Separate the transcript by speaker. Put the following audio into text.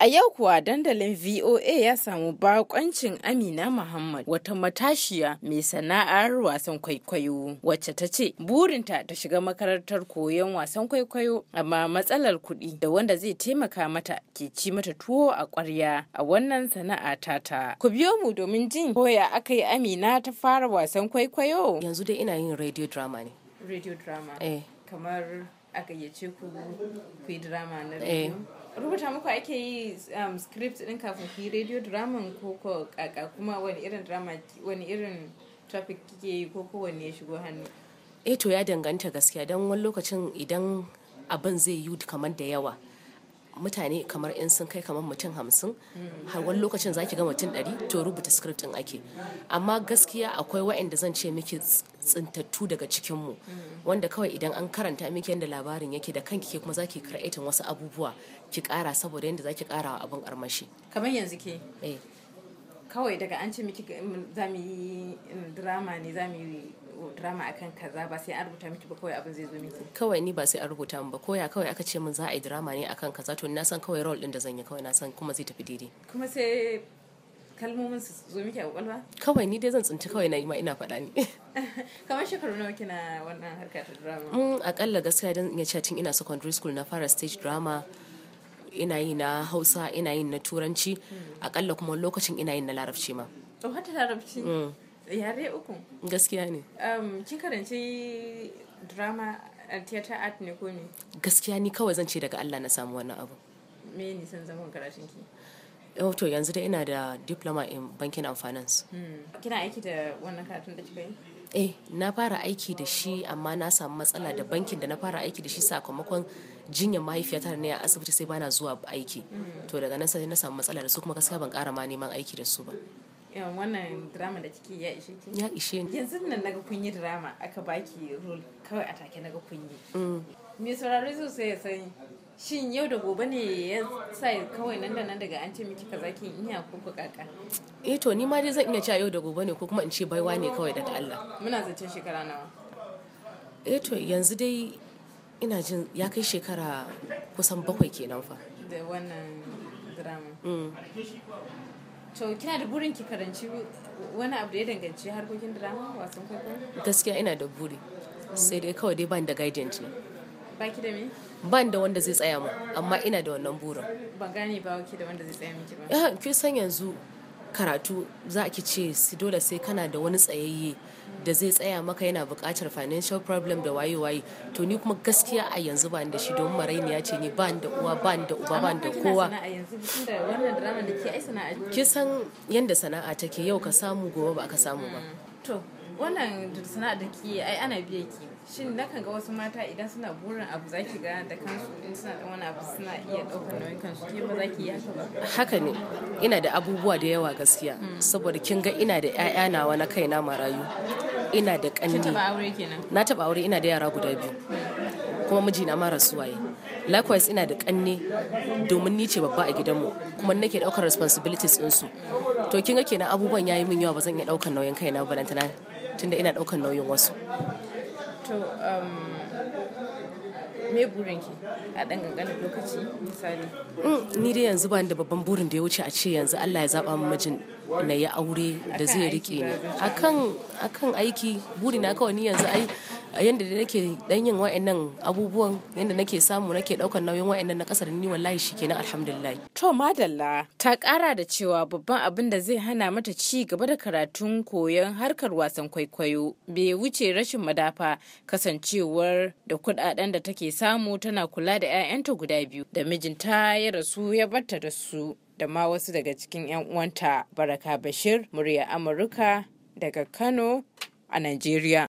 Speaker 1: A yau kuwa dandalin VOA ya samu bakoncin Amina Muhammad wata matashiya mai sana'ar wasan kwaikwayo wacce ta ce burinta ta shiga makarantar koyon wasan kwaikwayo amma matsalar kuɗi da wanda zai taimaka mata ke ci mata tuwo a ƙwarya a wannan sana'a tata. Ku biyo mu domin jin koya aka yi Amina ta fara wasan kwaikwayo. Yanzu dai ina yin radio drama ne. Radio drama. Eh. Kamar a gayyace ku ku yi drama na eh. radio. rubuta muku ake yi um, script din kafin fi yi radio drama ko ko kaka kuma wani irin drama wani irin topic kike yi ko ko wani ya shigo hannu
Speaker 2: eh to ya danganta gaskiya dan wani lokacin idan abin zai yi kamar da yawa mutane kamar in sun kai kamar mutum hamsin har wani lokacin zaki ga mutum ɗari to rubuta script ɗin ake amma gaskiya akwai wa'anda zan ce miki tsintattu daga cikinmu wanda kawai idan an karanta miki yadda labarin yake da kanki ke kuma zaki karaitin wasu abubuwa ki ƙara saboda yadda zaki ƙara wa abin armashi
Speaker 1: kamar yanzu ke eh. kawai daga an ce miki za mu yi eh, drama ne za mu yi drama akan kaza ba sai an rubuta miki ba kawai abin zai zo miki
Speaker 2: kawai ni ba sai an rubuta ba koya kawai aka ce min za a yi drama ne akan kaza to na san kawai role din da zan yi kawai na san kuma zai tafi daidai
Speaker 1: kuma sai kalmomin su zo miki a kwakwalwa
Speaker 2: kawai ni dai zan tsinci kawai na yi ma ina faɗa ne
Speaker 1: kamar shekaru nawa kina wannan harka ta drama
Speaker 2: mun mm, akalla gaskiya dan ya ce tun ina secondary school na fara stage drama ina yi na hausa ina yin na turanci hmm. akalla kuma lokacin ina yin na larabci ma
Speaker 1: to hata larabci hmm. yare uku gaskiya ne um, kin karanci drama eh, theater art ne ko ne
Speaker 2: gaskiya ni kawai zan ce daga Allah na samu wannan abu
Speaker 1: me ne san zaman karatun ki
Speaker 2: oh, to yanzu da ina da diploma in banking and finance
Speaker 1: hmm. kina aiki da wannan karatun da kika yi
Speaker 2: Eh, na fara aiki da shi amma na samu matsala da bankin da na fara aiki da shi sakamakon jinyar mahaifiyata ne a asibiti sai bana zuwa aiki. To daga nan sai na samu matsala da su kuma gaskiya ban kara ma neman aiki da su ba.
Speaker 1: Yawan wannan drama da kike ya ishe ki? Ya ishe ni. Yanzu nan naga kun yi drama aka baki role kawai a take naga kun yi. Mm. mai saurari sosai ya sani shin yau da gobe ne ya sa kawai nan da nan daga an ce miki kaza kin iya ko ku kaka
Speaker 2: eh to ni ma dai zan iya cewa yau da gobe ne ko kuma in ce baiwa ne kawai daga Allah
Speaker 1: muna zancen shekara nawa
Speaker 2: eh to yanzu dai ina jin ya kai shekara kusan bakwai kenan fa
Speaker 1: da wannan drama mm. to kina da burin ki karanci wani abu da ya danganci harkokin drama wasan kwaikwayo
Speaker 2: gaskiya ina da buri sai dai kawai dai ban da guidance
Speaker 1: ne Baki da me?
Speaker 2: Ban da wanda zai tsaya mu, amma ina da wannan burin.
Speaker 1: Ban gane ba ki da wanda zai tsaya miki ba. Ah,
Speaker 2: kin san yanzu karatu za ki ce si dole sai kana da wani tsayayye da zai tsaya maka yana buƙatar financial problem da waye-waye to ni kuma gaskiya a yanzu ba da shi don ya ce ni ba da uwa ba da uba ba da kowa ki san yadda sana'a take yau ka samu gobe ba ka samu
Speaker 1: ba hmm. to wannan sana'a da ke ai ana biya ki shin na kan ga wasu mata idan suna burin abu za ki ga da kansu in suna da wani abu suna iya ɗaukar nauyin kansu ke ba za ki yi haka ba haka ne
Speaker 2: ina da abubuwa da yawa gaskiya mm. saboda kin ga ina da ƴaƴa nawa na kaina marayu ina da ƙanni na taɓa aure ina da yara guda biyu mm. kuma mijina na mara suwaye likewise ina da ƙanne domin ni ce babba a gidanmu kuma nake ɗaukar responsibilities su to kin ga kenan abubuwan yayi min yawa ba zan iya ɗaukar nauyin kaina ba tunda ina ɗaukar nauyin wasu
Speaker 1: to um, me burin a ɗan gangan lokaci misali
Speaker 2: mm, ni dai yanzu ba da babban burin da ya wuce a ce yanzu Allah ya zaba mijin na ya aure da zai rike ni akan akan aiki buri na kawai ni yanzu ai yanda da nake dan yin wa'annan
Speaker 1: abubuwan yanda nake samu nake daukar nauyin wa'annan na kasar ni wallahi shikenan alhamdulillah to madalla ta kara da cewa babban abin da zai hana mata ci gaba da karatun koyon harkar wasan kwaikwayo bai wuce rashin madafa kasancewar da kudaden da take samu tana kula da 'ya'yanta guda biyu da mijinta ya rasu ya barta da su da ma wasu daga cikin 'yan uwanta baraka bashir murya amurka daga kano a najeriya